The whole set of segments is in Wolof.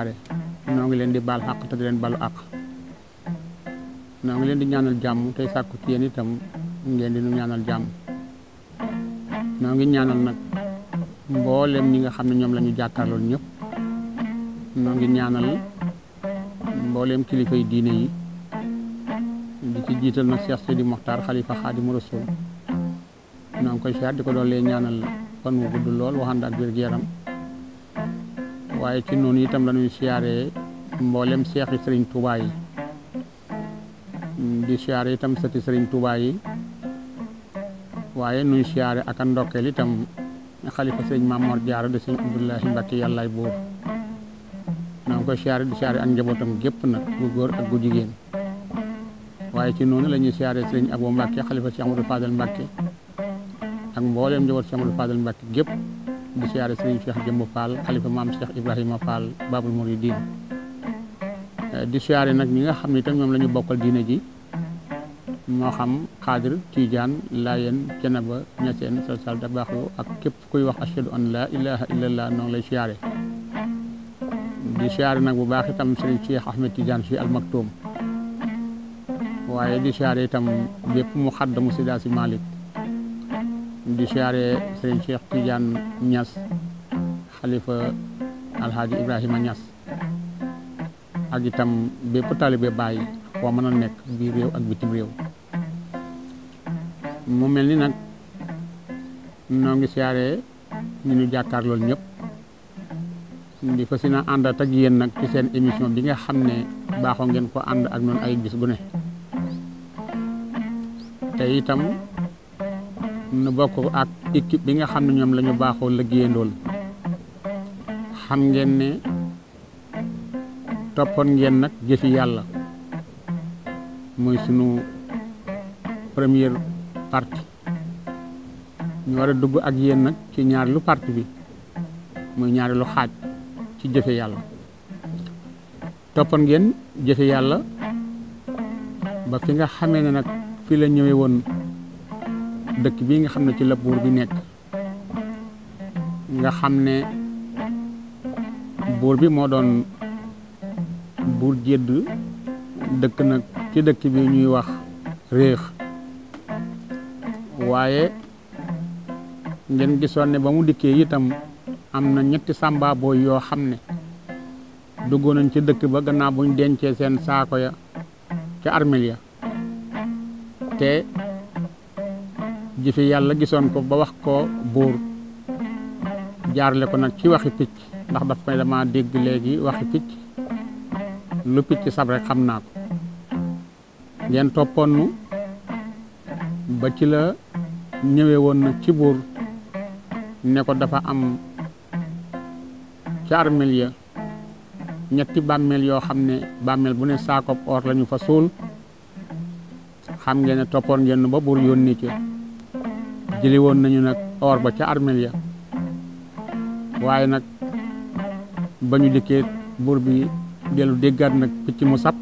siyaare noo ngi leen di baal xaq te di leen balu àq noo ngi leen di ñaanal jàmm tey sàkku ci yenn itam ngeen di nu ñaanal jàmm noo ngi ñaanal nag mbooleem ñi nga xam ne ñoom la ñu jàkkaarlool ñëpp ngi ñaanal mboolem kilifa yi diine yi di ci jiital nag Cheikh Sidi Mokhtar xalifa Xaadimu Rasul noo ngi koy siyaar di ko doon lee ñaanal fan wu gudd lool waxande ak wér yaram waaye ci noonu itam la ñuy siyaaree mbooleem seexi sëriñ Touba di siyaare itam sëti sëriñ Touba waaye nuy siyaare ak a ndokkeel itam xalifa sëriñ Mamor Diarra de sëriñ Abdoulahi Mbacke yàllaay buur na nga koy siyaare di siyaare ak njabootam gépp nag gu góor ak gu jigéen waaye ci noonu la ñuy siyaare ak Abo Mbacke xalifa Cheikh Amadou Fadel Mbacke ak mboolem njaboot Cheikh Amadou Fadel Mbacke gépp di siyaare Serigne Cheikh Jëmb Fall xalifa maam Cheikh Ibrahima Fall Babul Mouridine eh, di siyaare nag ñi nga xam ne itam ñoom la bokkal diine ji moo xam xaadir tiijaan laayeen janaba ñaseen salsal da baaxloo ak képp kuy wax ashhadu an laa ilaha illallah noonu lay siyaare di siyaare nag bu baax itam Serigne Cheikh Ahmed Tidiane si almaktoum waaye di siyaare itam bépp mu xaddamu si daal si Malick di siyaare sëriñ Cheikh Tidiane Niass xalifa alhaaji Ibrahima Niass ak itam bépp taalibe baay foo mën a nekk biir réew ak bitim réew mu mel ni nag noo ngi siyaare ñu ñu jàkkaar loolu ñëpp di fas yéene àndaat ak yéen nag ci seen émission bi nga xam ne baaxoo ngeen ko ànd ak noonu ay gis gu ne te itam nu bokk ak équipe bi nga xam ne ñoom la ñu baaxoo liggéeyandool xam ngeen ne toppoon ngeen nag jëfi yàlla muy sunu première partie ñu war a dugg ak yéen nag ci ñaareelu partie bi muy ñaareelu xaaj ci jëfe yàlla toppoon ngeen jëfe yàlla ba fi nga xamee ne nag fi la ñëwee woon dëkk bii nga xam ne ci la buur bi nekk nga xam ne buur bi moo doon buur jëdd dëkk nag ci dëkk bi ñuy wax réex waaye ngeen gisoon ne ba mu dikkee itam am na ñetti sàmba yoo xam ne duggoon nañ ci dëkk ba gannaaw buñ dencee seen saako ya ca armeel ya te jifi yàlla gisoon ko ba wax ko buur jaarle ko nag ci waxi picc ndax daf may dama dégg léegi waxi picc lu picc sab xam naa ko ngeen toppoon nu ba ci la ñëwee woon nag ci buur ne ko dafa am ca armeel ya ñetti bàmmeel yoo xam ne bàmmeel bu ne saakob or lañu fa suul xam ngeen ne toppoon ngeen ba buur yónni ci jëli nañu nag or ba ca armeel ya waaye nag bañu ñu buur bi dellu déggaat nag picc mu sab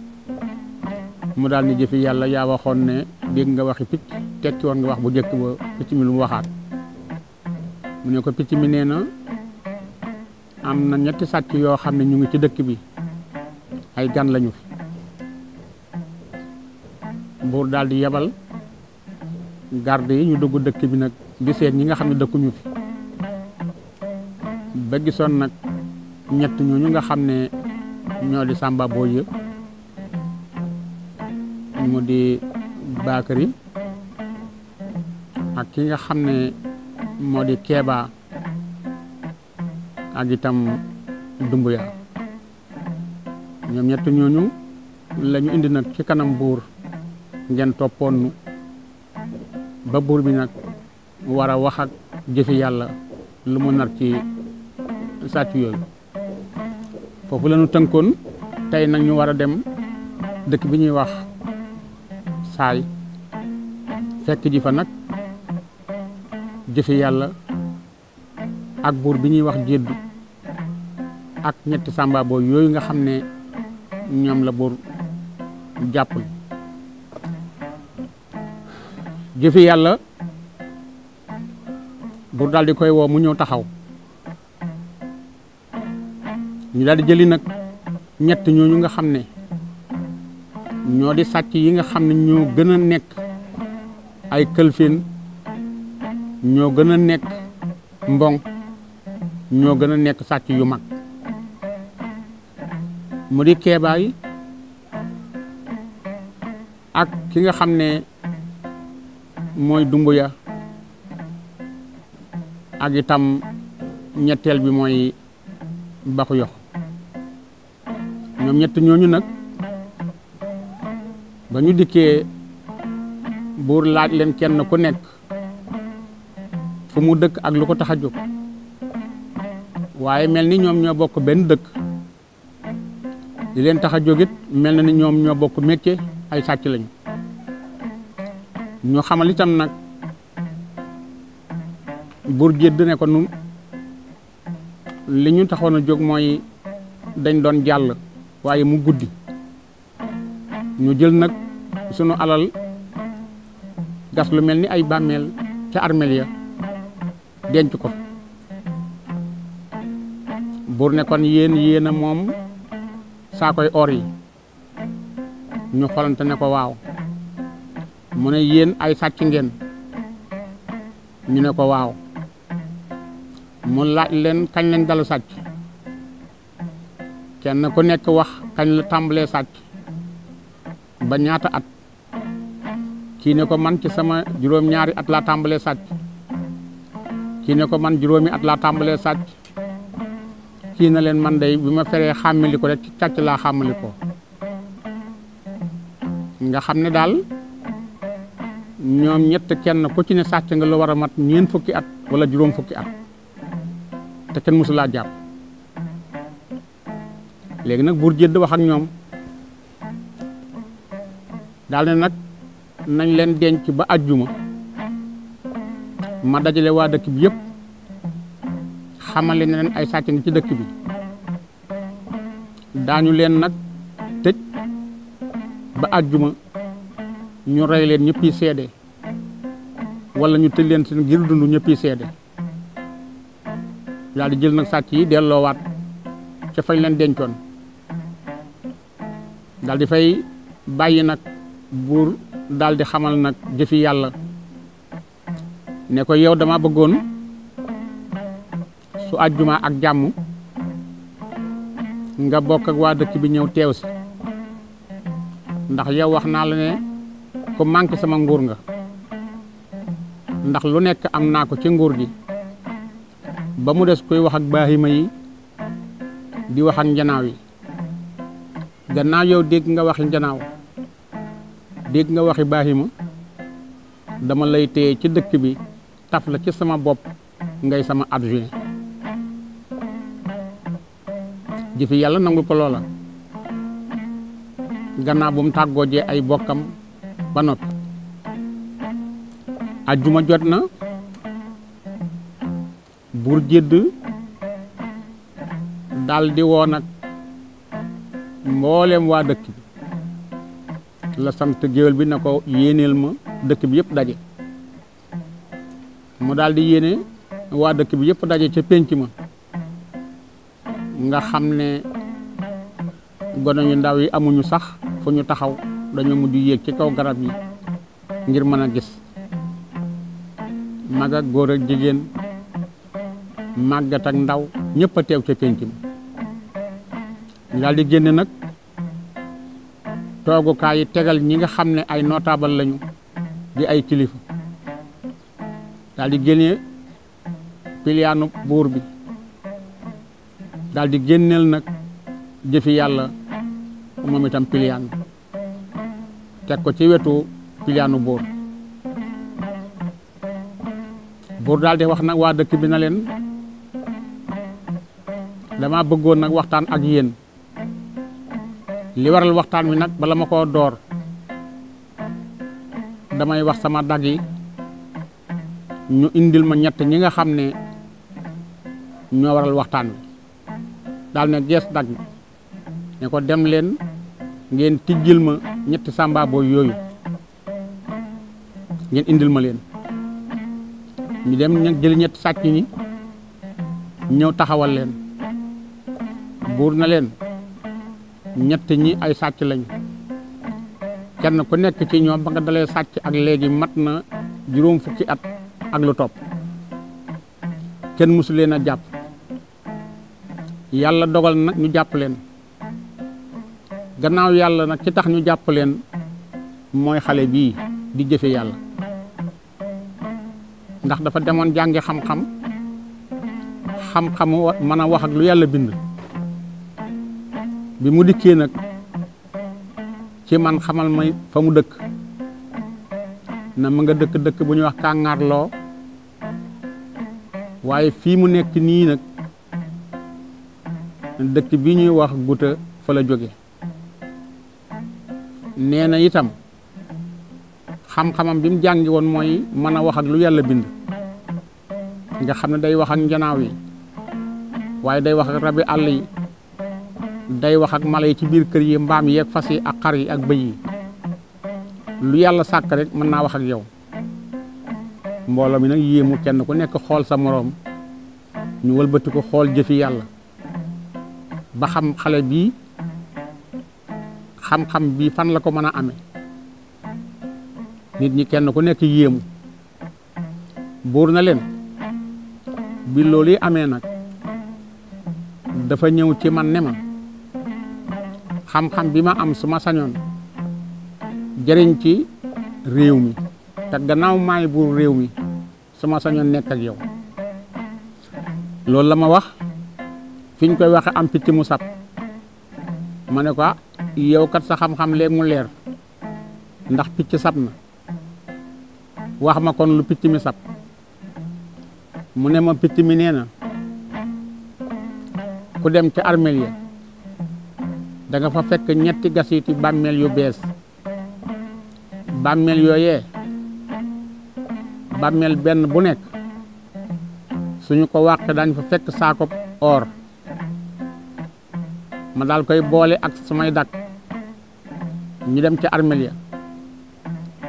mu daal ni jëfi yàlla yaa waxoon ne dégg nga waxi picc tekki nga wax bu njëkk ba picc mi lu mu waxaat mu ne ko picc mi nee na am na ñetti sàcc yoo xam ne ñu ngi ci dëkk bi ay gan lañu buur daldi yebal garde yi ñu dugg dëkk bi nag gisee ñi nga xam ne dëkkuñu fi ba gisoon nag ñett ñooñu nga xam ne ñoo di Samba Boye mu di Bakary ak ki nga xam ne moo di Keeba ak itam Dumbuya ñoom ñett ñooñu lañu indi nag ci kanam buur ngeen toppoon ba buur bi nag war a wax ak jëfe yàlla lu mu nar ci sàcc yooyu foofu la tënkoon tey nag ñu war a dem dëkk bi ñuy wax saay fekk ji fa nag jëfe yàlla ak buur bi ñuy wax jéddu ak ñetti sàmbaaboo yooyu nga xam ne ñoom la buur jàpp jëfi yàlla bu daldi koy woo mu ñëw taxaw ñu daldi jëli nag ñett ñooñu nga xam ne ñoo di sàcc yi nga xam ne ñoo gën a nekk ay këlfin ñoo gën a nekk mboŋ ñoo gën a nekk sàcc yu mag mu di keebaay ak ki nga xam ne mooy dumb ya ak itam ñetteel bi mooy Baxu Yox ñoom ñett ñooñu nag ba ñu dikkee buur laaj leen kenn ku nekk fu mu dëkk ak lu ko tax a jóg waaye mel ni ñoom ñoo bokk benn dëkk li leen tax a jógit mel na ni ñoom ñoo bokk métier ay sàcc lañu ñu xamal itam nag buur gédd ne ko nun li ñu taxoon a jóg mooy dañ doon jàll waaye mu guddi ñu jël nag sunu alal gas lu mel ni ay bàmmeel ca armeel ya denc ko buur ne kon yéen yéen moom saa koy or yi ñu xoolante ne ko waaw mu ne yéen ay sàcc ngeen ñu ne ko waaw mu laaj leen kañ lañ dalu sàcc kenn ku nekk wax kañ la tàmbalee sàcc ba ñaata at kii ne ko man ci sama juróom-ñaari at laa tàmbalee sàcc kii ne ko man juróomi at laa tàmbalee sàcc kii na leen man day bi ma feree xàmmali ko rek ci càcc laa xàmmali ko nga xam ne daal ñoom ñett kenn ku ci ne sàcc nga lu war a mat ñeent fukki at wala juróom fukki at te kenn mësulaa laa jàpp léegi nag buur jëdd wax ak ñoom daal ne nag nañ leen denc ba àjjuma ma dajale waa dëkk bi yépp xamal ne leen ay sàcc ngi ci dëkk bi daañu leen nag tëj ba àjjuma ñu rey leen ñëpp yi seede wala ñu tëj leen seen ngir dund ñëpp yi seede daldi jël nag sàcc yi delloowaat ca fañ leen dencoon daldi fay bàyyi nag buur daldi xamal nag jëfi yàlla ne ko yow dama bëggoon su àjjuma ak jàmm nga bokk ak waa dëkk bi ñëw teew si ndax yow wax naa la ne ku manqué sama nguur nga ndax lu nekk am naa ko ci nguur gi ba mu des koy wax ak baahima yi di wax ak njanaaw yi gannaaw yow dégg nga waxi njanaaw dégg nga waxi baahima dama lay téye ci dëkk bi taf la ci sama bopp ngay sama adjoint jëfi yàlla nangul ko loola gannaaw bu mu tàggoo jee ay bokkam ba noppi ajjuma jot na buur jëdd daldi woo nag mboolem waa dëkk bi la sant géwél bi na ko yéeneel ma dëkk bi yëpp daje mu daldi yéene waa dëkk bi yëpp daje ca pénc ma nga xam ne gone yu ndaw yi amuñu sax fu ñu taxaw dañoo mujj yéeg ci kaw garab yi ngir mën a gis mag ak góor ak jigéen màggat ak ndaw ñëpp a teew ca pénc mi daal di génn nag toogukaay yi tegal ñi nga xam ne ay notable lañu di ay kilifa daal di génne piliyaanu buur bi daal di génneel nag jëfi yàlla moom itam piliyaan teg ko ci wetu piliyaanu buur buur daal di wax nag waa dëkk bi na leen dama bëggoon nag waxtaan ak yeen li waral waxtaan wi nag bala ma koo door damay wax sama dag yi ñu indil ma ñett ñi nga xam ne ñoo waral waxtaan wi daal ne gees dag ne ko dem leen ngeen tijjil ma ñetti sàmba booy yooyu ngeen indil ma leen ñu dem ña jëli ñetti sàcc ñi ñëw taxawal leen buur na leen ñett ñi ay sàcc lañ kenn ku nekk ci ñoom ba nga dalee sàcc ak léegi mat na juróom fukki at ak lu topp kenn mësu leen a jàpp yàlla dogal nag ñu jàpp leen gannaaw yàlla nag ci tax ñu jàpp leen mooy xale bii di jëfe yàlla ndax dafa demoon jàngi xam-xam xam-xamu mën a wax ak lu yàlla bind bi mu dikkee nag ci man xamal may fa mu dëkk na ma nga dëkk dëkk bu ñuy wax kàngaarloo waaye fii mu nekk nii nag dëkk bi ñuy wax guta fa la jóge nee na itam xam-xamam bi mu jàngi woon mooy mën a wax ak lu yàlla bind nga xam ne day wax ak njanaaw yi waaye day wax ak rabi àll yi day wax ak mala yi ci biir kër yi mbaam yi fas yi ak xar yi ak bëy yi lu yàlla sàkk rek mën naa wax ak yow mbooloo mi nag yéemu kenn ku nekk xool sa moroom ñu wëlbati ko xool jëfi yàlla ba xam xale bii xam-xam bi fan la ko mën a ame nit ñi kenn ku nekk yéemu buur na leen bi loolu yi amee nag dafa ñëw ci man ne ma xam-xam bi ma am suma sañoon jëriñ ci réew mi te gannaaw may buur réew mi suma sañoon nekk ak yow loolu la ma wax fiñ ñu koy waxe am picc mu sab ma ne ko ah, yow kat sa xam-xam léegi mu leer ndax picc sab na wax ma kon lu picc mi sab mu ne ma picc mi nee na ku dem ci armeel ya da fa fekk ñetti gasiiti bàmmeel yu bees bàmmeel yooyee bàmmeel benn bu nekk suñu ko wàqee dañ fa fekk saako or ma daal koy boole ak samay dakk ñu dem ca armel ya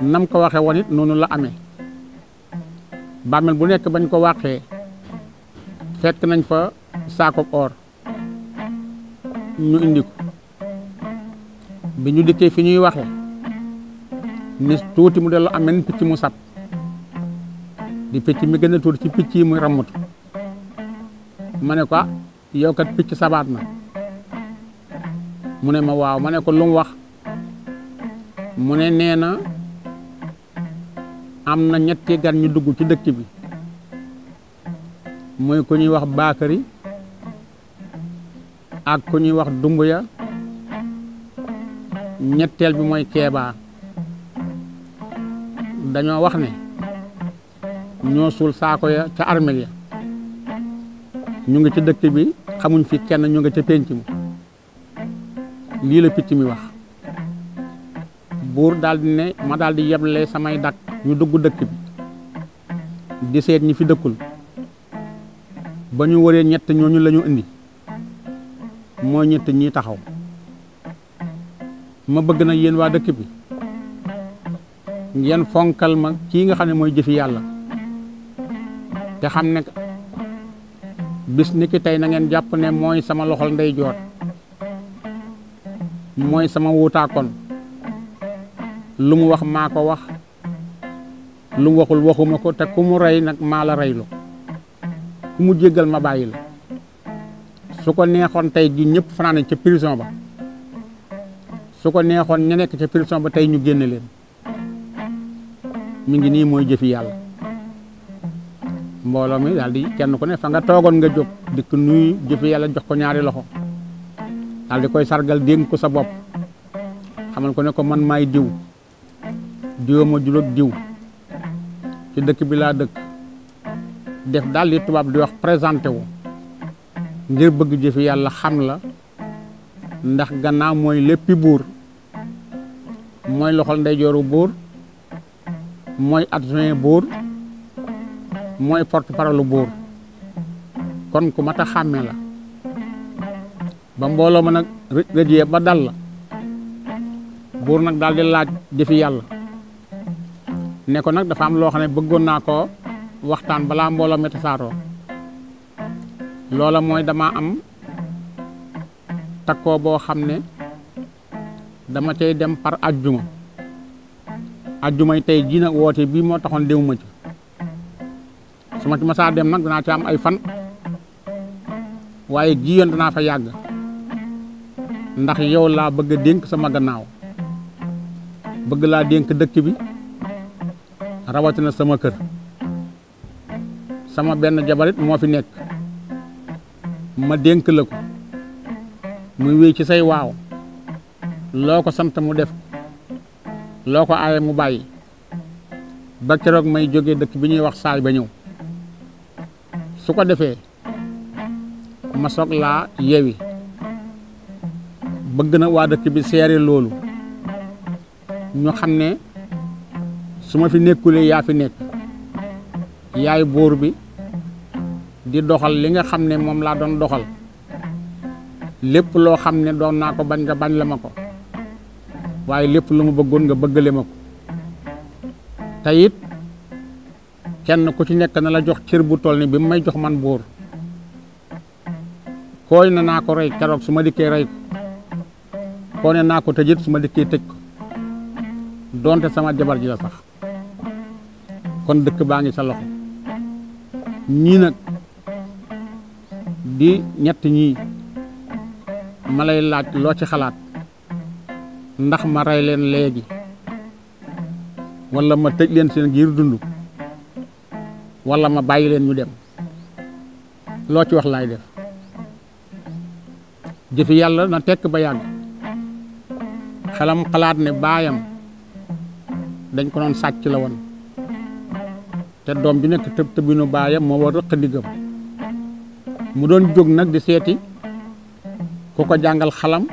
nam ko waxee woon it noonu la amee bàmmel bu nekk bañ ko waxee fekk nañ fa saako or ñu indi ko bi ñu dikkee fi ñuy waxee ni tuuti mu dellu amee picc mu sab di picc mi gën a tuuti ci picc yi muy rammutu ma ne ko ah, yow kat picc sabaat na mu ne ma waaw ma ne ko lu wax mu ne nee na am na ñetti gan ñu dugg ci dëkk bi muy ku ñuy wax Bakary ak ku ñuy wax dumb ya ñetteel bi mooy Keebaa dañoo wax ne ñoo suul saako ya ca armeel ya ñu ngi ca dëkk bi xamuñ fi kenn ñu ngi ca pénc mi lii la picc mi wax buur daal ne ma daal di yeble samay dak ñu dugg dëkk bi di seet ñi fi dëkkul ba ñu waree ñett ñooñu la indi mooy ñett ñi taxaw ma bëgg na yéen waa dëkk bi ngeen fonkal ma kii nga xam ne mooy jëfi yàlla te xam ne bis ni ki tey na ngeen jàpp ne mooy sama loxol ndeyjoor mooy sama wuutaakoon lu mu wax maa ko wax lu mu waxul waxuma ko te ku mu rey nag maala la reylu ku mu jéggal ma bàyyi la su ko neexoon tey ji ñëpp fanaane ca prison ba su ko neexoon ña nekk ca prison ba tey ñu génn leen mi ngi nii mooy jëfi yàlla mbooloo mi daal di kenn ku nekk fa nga toogoon nga jóg dikk nuy jëfi yàlla jox ko ñaari loxo daal di koy sargal dénk ko sa bopp xamal ko ne ko man maay diw diw ma juróog diw ci dëkk bi laa dëkk def daal tubaab di wax présenté wu ngir bëgg jëfi yàlla xam la ndax gannaaw mooy léppi buur mooy loxol ndeyjooru buur mooy adjoint buur mooy porte-parole buur kon ku mat a xàmme la ba mbooloo ma nag rëj rëjee ba dal la buur nag daal di laaj jëfi yàlla ne ko nag dafa am loo xam ne bëggoon naa koo waxtaan balaa mbooloo mi tasaaroo loola mooy dama am takkoo boo xam ne dama cay dem par ajjuma ajjumay tey jii nag woote bii moo taxoon déwuma ci su ma ci masaa dem nag danaa ci am ay fan waaye ji yoon danaa fa yàgg ndax yow laa bëgg a dénk sama gannaaw bëgg laa dénk dëkk bi rawatina sama kër sama benn jabarit moo fi nekk ma dénk la ko muy wéy ci say waaw loo ko sant mu def loo ko aaye mu bàyyi ba keroog may jóge dëkk bi ñuy wax saay ba ñëw su ko defee ma soog laa yewi bëgg na waa dëkk bi seere loolu ñu xam ne su ma fi nekkulee yaa fi nekk yaay bóor bi di doxal li nga xam ne moom laa doon doxal lépp loo xam ne doon naa ko bañ nga bañ la ma ko waaye lépp lu mu bëggoon nga bëggale ma ko te kenn ku ci nekk na la jox cër bu toll ni bi mu may jox man buur kooy na naa ko rey keroog su ma dikkee rey ko koo ne naa ko tëjit su ma dikkee tëj ko donte sama jabar ji la sax kon dëkk baa ngi sa loxo ñii nag di ñett ñii ma lay laaj loo ci xalaat ndax ma rey leen léegi walla ma tëj leen seen giir dund walla ma bàyyi leen ñu dem loo ci wax laay def jëfi yàlla na tekk ba yàgg xelam xalaat ne baayam dañ ko doon sàcc la woon te doom bi nekk tëb tëbinu baayam moo war rëq ndiggam mu doon jóg nag di seeti ku ko jàngal xalam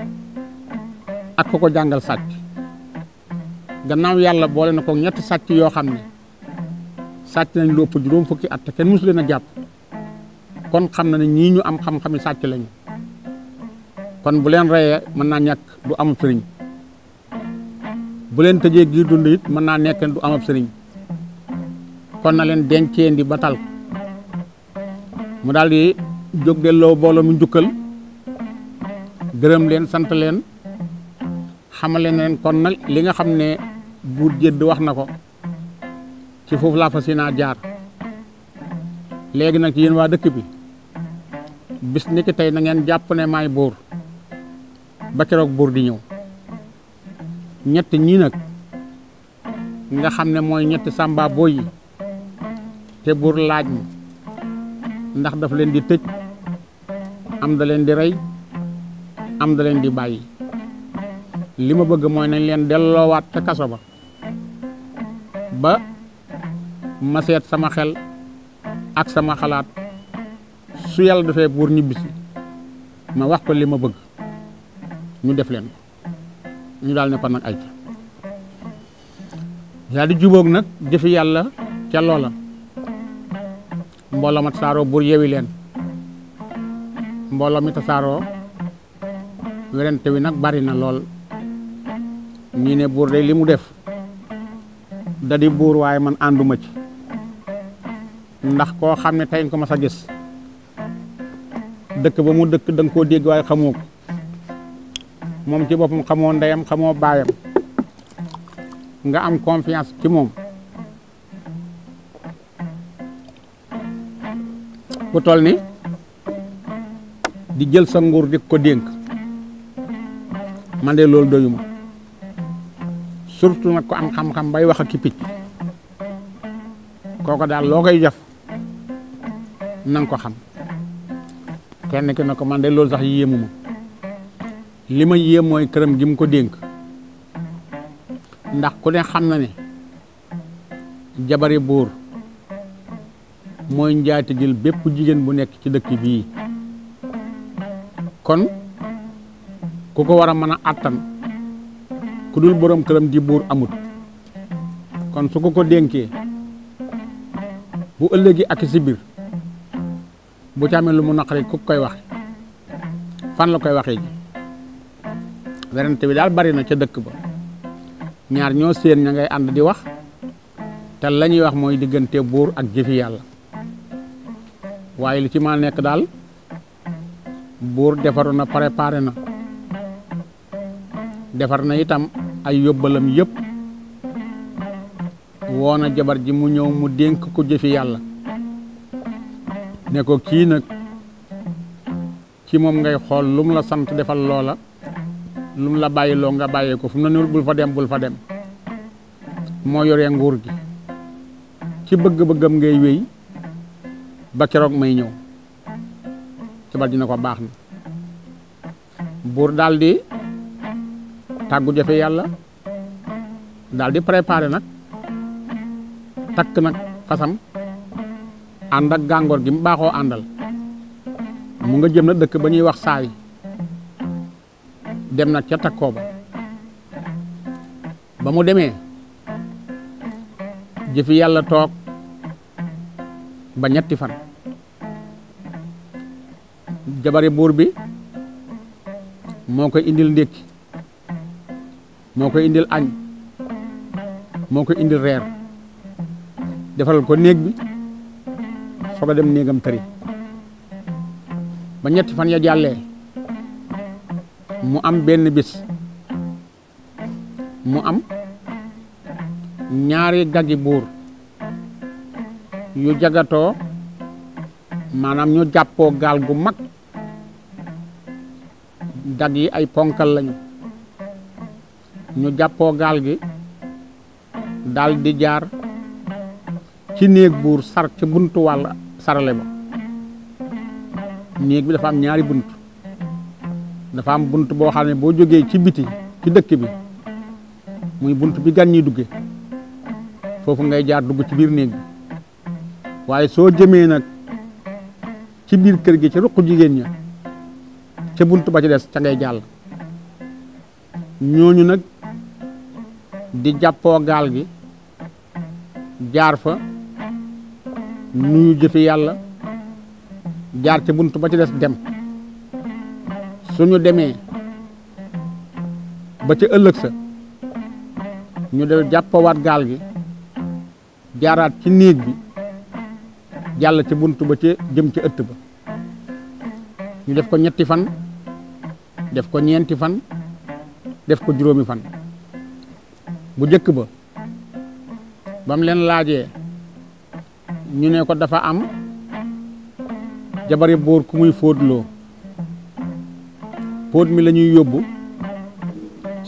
ak ko ko jàngal sàcc gannaaw yàlla boole na ko ñetti sàcc yoo xam ne sàcc nañ lu ëpp juróom fukki at te kenn mësu leen a jàpp kon xam na ne ñii ñu am xam-xami sàcc lañu kon bu leen reyee mën naa ñàkk du am sëriñ bu leen tëjee giir dund it mën naa nekk du am sëriñ kon na leen denceen di batal mu daal di jóg delloo booloo mu njukkal gërëm leen sant leen xamal leen kon nag li nga xam ne buur jëdd wax na ko ci foofu laa fas yéenaa jaar léegi nag yéen waa dëkk bi bis ni ki tey na ngeen jàpp ne maay buur ba keroog buur di ñëw ñett ñii nag nga xam ne mooy ñetti sàmba booy yi te buur laaj ma ndax daf leen di tëj am da leen di rey am da leen di bàyyi li ma bëgg mooy nañ leen delloowaat ca kaso ba ba ma seet sama xel ak sama xalaat su yàlla defee buur ñibbisi ma wax ko li ma bëgg ñu def leen ñu daal ne ko nag ay ca yaa di jubóog nag jëfi yàlla ca loola mbooloo ma tasaaroo buur yewi leen mbooloo mi tasaaroo werante wi nag bari na lool ñii buur de li mu def da buur waaye man ànduma ci ndax koo xam ne tey ko ma sa gis dëkk ba mu dëkk danga koo dégg waaye xamoo moom ci boppam xamoo ndeyam xamoo baayam nga am confiance ci moom bu toll ni di jël sa nguur di ko dénk man de loolu doyuma surtout nag ko am xam-xam bay wax ak ki picc kooko daal loo koy def na ko xam kenn ki ne ko man de loolu sax yéemuma li ma yéem mooy këram gi mu ko dénk ndax ku ne xam na ne jabari buur mooy njaatigil bépp jigéen bu nekk ci dëkk bii kon ku ko war a mën a àttan ku dul borom këram di buur amut kon su ko ko dénkee bu ëllëg yi ak sibbir bu ci amee lu mu naqari ku koy wax fan la koy waxee ji werante bi daal bari na ca dëkk ba ñaar ñoo seen ña ngay ànd di wax te la ñuy wax mooy diggante buur ak jëfi yàlla waaye li ci ma nekk daal buur defaru na préparé na defar na itam ay yóbbalam yépp woo na jabar ji mu ñëw mu dénk ko jëfi yàlla ne ko kii nag ci moom ngay xool lu mu la sant defal loola lu mu la loo nga bàyyee ko fu mu ne bul fa dem bul fa dem moo yore nguur gi ci bëgg-bëggam ngay wéy ba keroog may ñëw Jabal dina ko baax na buur daldi tàggu jafe yàlla daldi di préparé nag takk nag fasam ànd ak gàngoor gi mu baaxoo àndal mu nga jëm na dëkk ba ñuy wax saay dem nag ca takkoo ba ba mu demee jëfi yàlla toog ba ñetti fan jabari buur bi moo koy indil ndékki moo koy indil añ moo koy indil reer defaral ko néeg bi soog a dem néegam tëri ba ñetti fan ya jàllee mu am benn bis mu am ñaari gaggi buur yu jagatoo maanaam ñu jàppoo gaal gu mag dag yi ay ponkal lañu ñu jàppoo gaal gi daldi jaar ci néeg buur sar ci buntu wàll sarale ba néeg bi dafa am ñaari bunt dafa am bunt boo xam ne boo jógee ci biti ci dëkk bi muy bunt bi gan dugge foofu ngay jaar dugg ci biir néeg bi waaye soo jëmee nag ci biir kër gi ci ruq jigéen ña ca bunt ba ci des ca ngay jàll ñooñu nag di jàppoo gaal gi jaar fa nuyu jëfi yàlla jaar ci bunt ba ci des dem ñu demee ba ci ëllëg sa ñu de jàppawaat gaal gi jaaraat ci néeg bi jàll ci bunt ba ca jëm ci ëtt ba ñu def ko ñetti fan def ko ñeenti fan def ko juróomi fan bu jëkk ba bam leen laajee ñu ne ko dafa am jabari buur ku muy fóotloo fóot mi la ñuy yóbbu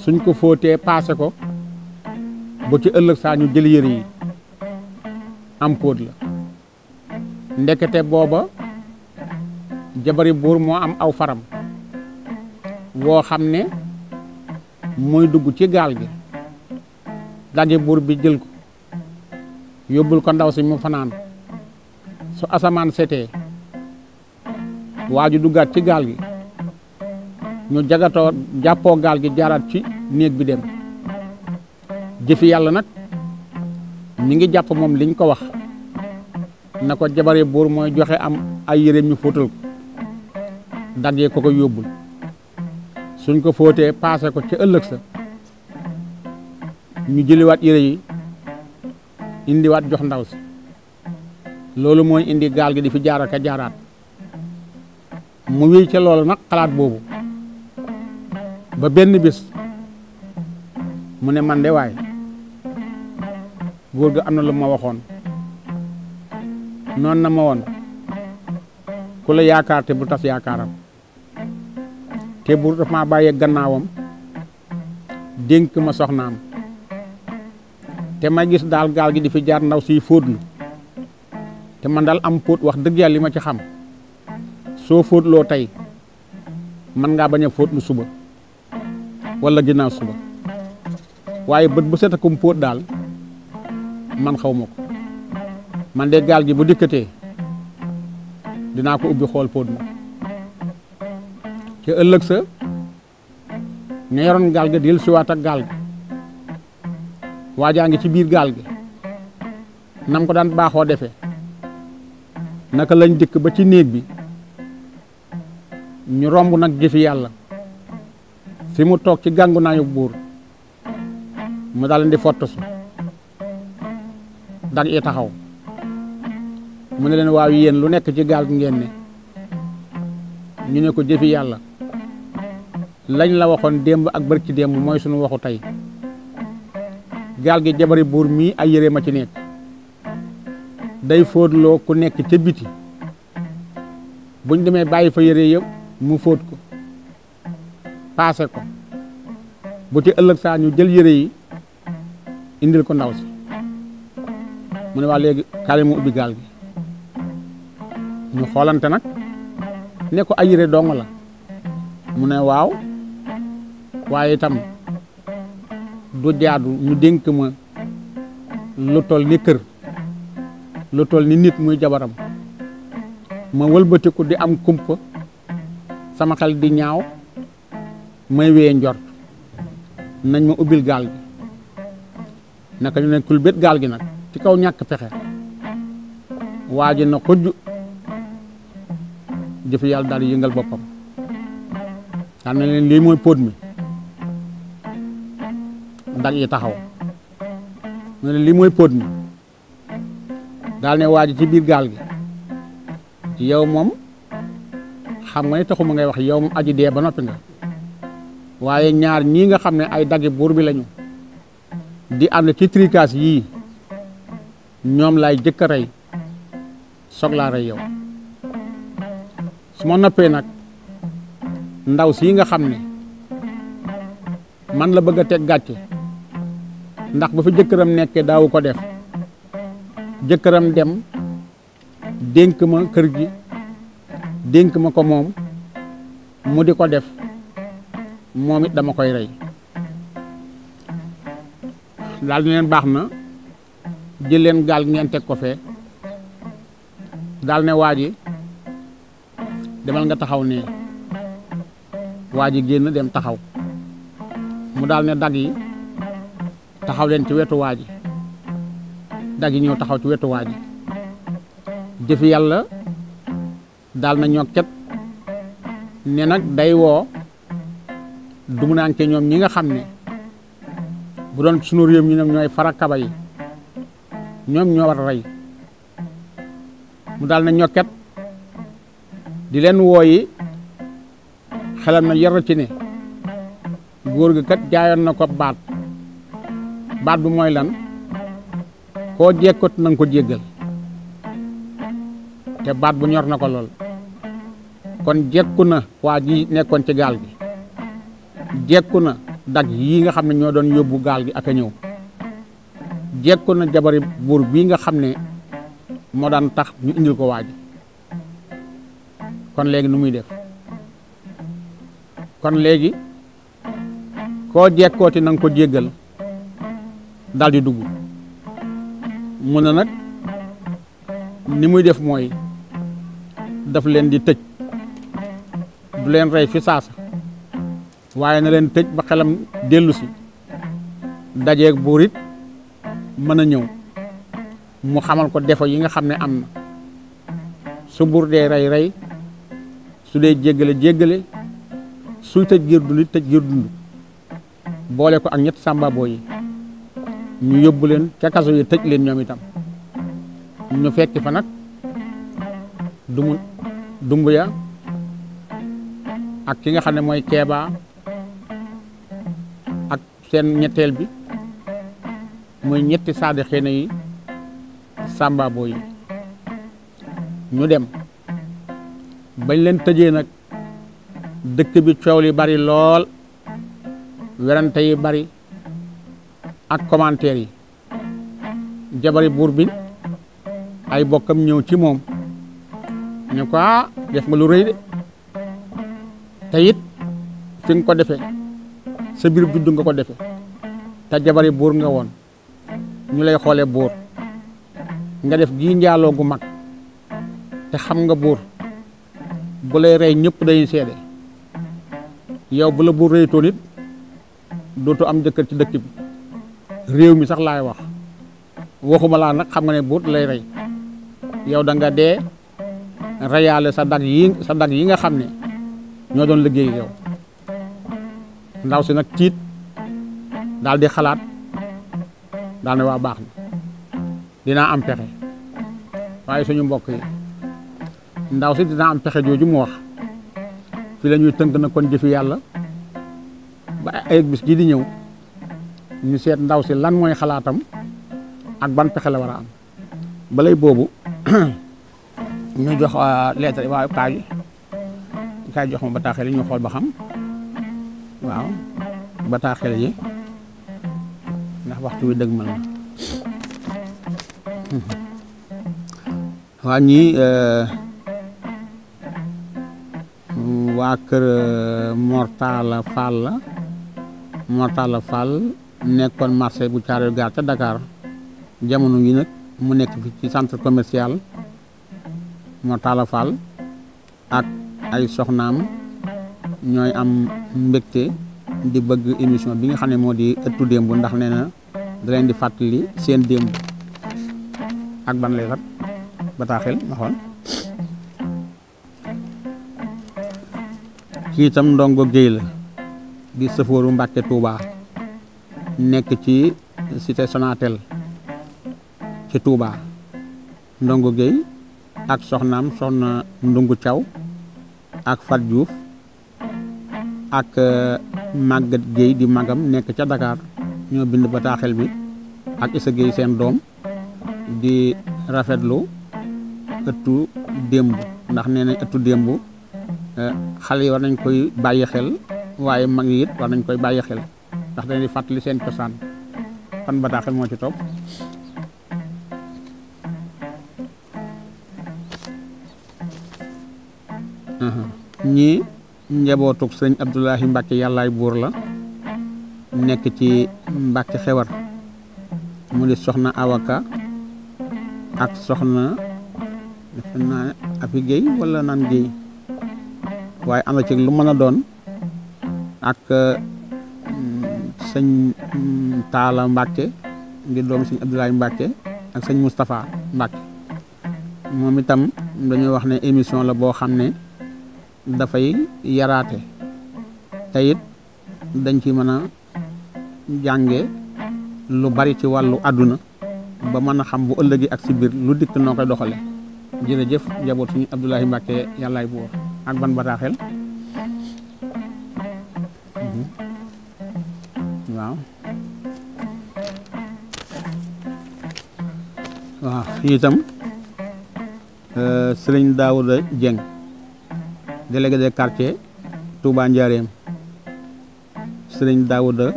suñ ko fóotee paase ko ba ci ëllëg saa ñu jël yëre yi am póot la ndekete booba jabari buur moo am aw faram woo xam ne mooy dugg ci gaal gi daje buur bi jël ko yóbbul ko ndaw si mu fanaan su asamaan setee waa ju duggaat ci gaal gi ñu jagatoo jàppoo gaal gi jaaraat ci néeg bi dem jëfi yàlla nag ñi ngi jàpp moom liñ ko wax na ko jabare buur mooy joxe am ay yéreem ñu fóotal ko daje ko ko yóbbul suñ ko fóotee paase ko ca ëllëg sa ñu jëliwaat yére yi indiwaat jox ndaw si loolu mooy indi gaal gi di fi jaar ka jaaraat mu wéy ca loolu nag xalaat boobu ba benn bis mu ne man de waay góor ga am na lu ma waxoon noon na ma woon ku la yaakaar te bu tas yaakaaram te buur daf maa bàyyee gannaawam dénk ma soxnaam te ma gis daal gaal gi di fi jaar ndaw siy fóot te man daal am póot wax dëgg yàlla ma ci xam soo fóotloo tey mën ngaa bañ a fóot lu suba wala ginnaaw suba waaye bët bu set akum fóot daal man xaw ma ko man de gaal gi bu dikkatee dinaa ko ubbi xool fóot ma te ëllëg sa ña gaal ga dellu siwaat ak gaal ga waajaa ngi ci biir gaal gi nam ko daan baaxoo defee naka lañ dikk ba ci néeg bi ñu romb nag jëfi yàlla si mu toog ci gàngu naayu buur mu daal leen di fott su dag taxaw mu ne leen waaw yéen lu nekk ci gaal gi ngeen ñu ne ko jëfi yàlla lañ la waxoon démb ak ci démb mooy suñu waxu tey gaal gi jabari buur mii ay yére ma ci nekk day fóotloo ku nekk ca biti buñ demee bàyyi fa yére yëpp mu fóot ko paase ko bu ci ëllëg saa ñu jël yére yi indil ko ndaw si mu ne waa léegi kaale mu ubbi gaal gi ñu xoolante nag ne ko ay yére dong la mu ne waaw waaye itam du jaadu ñu dénk ma lu toll ni kër lu toll ni nit muy jabaram ma wëlbatiku di am kumpa sama xel di ñaaw may wee njort nañ ma ubbil gaal gi naka ñu ne kulbét gaal gi nag ci kaw ñàkk pexe waa ji na xujj jëf yàlla daal yëngal boppam xam na leen lii mooy póot mi ndag yi taxaw mu ne li mooy póot mi daal ne waaju ci biir gaal gi yow moom xam nga ne taxuma ngay wax yow moom aju dee ba noppi nga waaye ñaar ñii nga xam ne ay daggi buur bi lañu di ànd ci trikaas yii ñoom lay jëkk a rey soglaa rey yow su ma noppee nag ndaw sii nga xam ne man la bëgg a teg gàcce ndax ba fa jëkkëram nekkee daawu ko def jëkkëram dem dénk ma kër gi dénk ma ko moom mu di ko def moom it dama koy rey daal ñu leen baax na jël leen gaal ngeen teg ko fee daal ne waa ji demal nga taxaw ne waa ji génn dem taxaw mu daal ne dag taxaw leen ci wetu waa ji dag yi ñëw taxaw ci wetu waa ji jëfi yàlla daal na ñokket ne nag day woo dumunanke ñoom ñi nga xam ne bu doon sunu réew ñi ñoom ñooy fara kaba yi ñoom ñoo war a mu daal na ñokket di leen wooyi xelam na yar ci ne góor gi kat jaayoon na ko baat baat bu mooy lan koo jekkut na ko jéggal te baat bu ñor na ko lool kon jekku na waa ji nekkoon ci gaal gi jekku na dag yii nga xam ne ñoo doon yóbbu gaal gi ak a ñëw jekku na jabari buur bii nga xam ne moo daan tax ñu indil ko waa ji kon léegi nu muy def kon léegi koo jekkooti na nga ko jéggal daldi dugg mu ne nag ni muy def mooy daf leen di tëj du leen rey fi saasa waaye na leen tëj ba xelam dellu si buur it mën a ñëw mu xamal ko defo yi nga xam ne am na su buur dee rey rey su dee jéggale jéggale suy tëj ngir dund tëj ngir dund boole ko ak ñett sàmbaaboo yi ñu yóbbu leen ca kaso yi tëj leen ñoom itam ñu fekki fa nag dumb ya ak ki nga xam ne mooy keebaa ak seen ñetteel bi muy ñetti saade xéene yi sàmbaaboo yi ñu dem bañ leen tëjee nag dëkk bi coow li bari lool werante yi bari ak commentaire yi jabari buur bi ay bokkam ñëw ci moom ne ko ah def nga lu rëy de te it fi nga ko defee sa biir juddu nga ko defee te jabari buur nga woon ñu lay xoolee buur nga def gii njaaloo gu mag te xam nga buur bu lay rey ñëpp day seede yow bu la buur rëytoon dootu am jëkkër ci dëkk bi réew mi sax laay wax waxuma laa nag xam nga ne buut lay rey yow danga nga dee reyaale sa dag yi sa dagg yi nga xam ni ñoo doon liggéey yow ndaw si nag tiit daal di xalaat daal ne waa baax na dinaa am pexe waaye suñu mbokk yi ndaw si dinaa am pexe jooju mu wax fi la tënk na kon jëfi yàlla ba ay bis ji di ñëw ñu seet ndaw si lan mooy xalaatam ak ban pexe la war a am balay boobu ñu jox euh, lettre waaw kaay kaay jox ma bataaxel yi ñu xool ba xam waaw bataaxel yi ndax waxtu wi dëgg mal na waa ñii euh, waa kër euh, Mortala Fall la Mortala Fall nekkoon marché bu Caaroy Gaar ca Dakar jamono yi nag mu nekk ci centre commercial moo Talla Fall ak ay soxnaam ñooy am mbégte di bëgg émission bi nga xam ne moo di ëttu démb ndax nee na da di fàttali seen démb ak ban lay rat bataaxel ma xool kii itam ndongo géy la di sëfooru Mbàkke Tuubaa nekk ci cité Sonatel ci Touba Ndongo Gueye ak soxnaam soxna ndongu caw ak Fat Diouf ak euh, Maguette géey di magam nekk ca Dakar ñoo bind taaxel bi ak Issa Gueye seen doom di rafetlu ëttu démb ndax nee nañ ëttu démb euh, xale yi war nañ koy bàyyi xel waaye mag yi it war nañ koy bàyyi xel ndax dañuy fàttali seen cosaan fan bataaxel moo ci topp ñii njabootug sëñ Abdoulahi Mbàkke yàllaay buur la nekk ci Mbàkke xewar mu di soxna awaka ak soxna defe naa afi géey wala naan géey waaye am na ci lu mën a doon ak sëñ Taala Mbacke ngir doomu sëñ Abdoulaye Mbacke ak sëñ mustafaa Mbacke moom itam dañuy wax ne émission la boo xam ne dafay yaraate te it dañ ci mën a jànge lu bari ci wàllu àdduna ba mën a xam bu ëllëgee ak si lu dikk noo koy doxale jërëjëf njaboot suñu Abdoulaye Mbacke yàllaay buur ak ban fii itam eh, sëriñ Daouda Dieng délégué de quartier Touba Njaareem sëriñ Daouda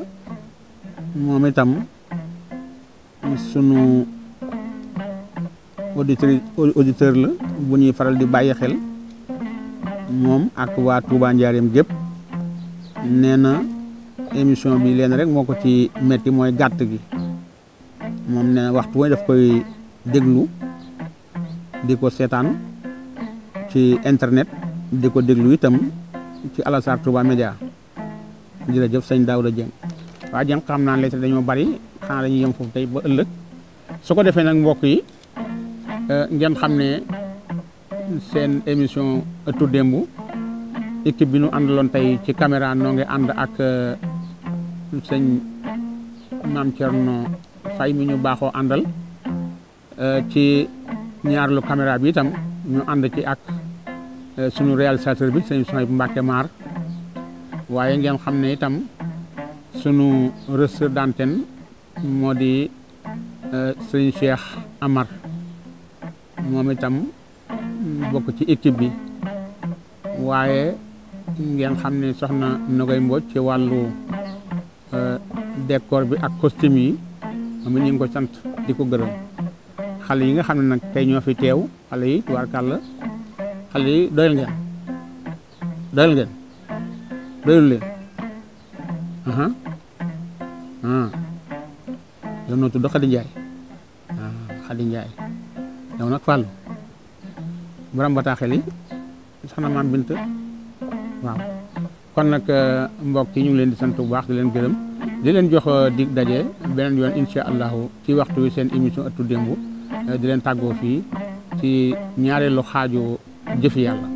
moom itam sunu auditeur auditeur la bu ñuy faral di bàyyi xel moom ak waa Touba Njaareem gépp nee na émission bi leen rek moo ko ci metti mooy gàtt gi moom nee waxtu woy daf koy déglu di ko seetaan ci internet di ko déglu itam ci Alasar Touba Média jërëjëf sëñ Daouda Dieng waa Dieng xam naa lettre dañoo bari xanaa dañuy yem foofu tey ba ëllëg su ko defee nag mbokk yi euh, ngeen xam ne seen émission ëttu démb équipe bi ñu àndaloon tey ci caméra noo ngi ànd ak euh, sëñ Maam Thierno Faye mi ñu baaxoo àndal Euh, ci ñaarlu caméra bi tam ñu ànd ci ak euh, sunu réalisateur bi sëñ Sonia Mbacke Maar waaye ngeen xam ne itam sunu rësër moo di euh, sëñ Cheikh Amar moom itam bokk ci équipe bi waaye ngeen xam ne soxna Nogay Mbodj ci wàllu décor bi ak costume yi am ñu ngi ko sant di ko gërëm. xale yi nga xam ne nag tey ñoo fi teew xale yi tubaarkàlla xale yi doyal ngeen doyal ngeen doyul leen ah. yow noo tudd Xadi Njaay Xadi Njaay nag Fàllu borom bataaxel yi soxna maam bint waaw kon nag euh, mbokk yi ñu ngi leen di sant bu baax di leen gërëm di leen jox euh, di daje beneen yoon incha allahu ci waxtu wi seen émission Ëttu Démb di leen tàggoo fii ci ñaareelu xaaju jëfi yàlla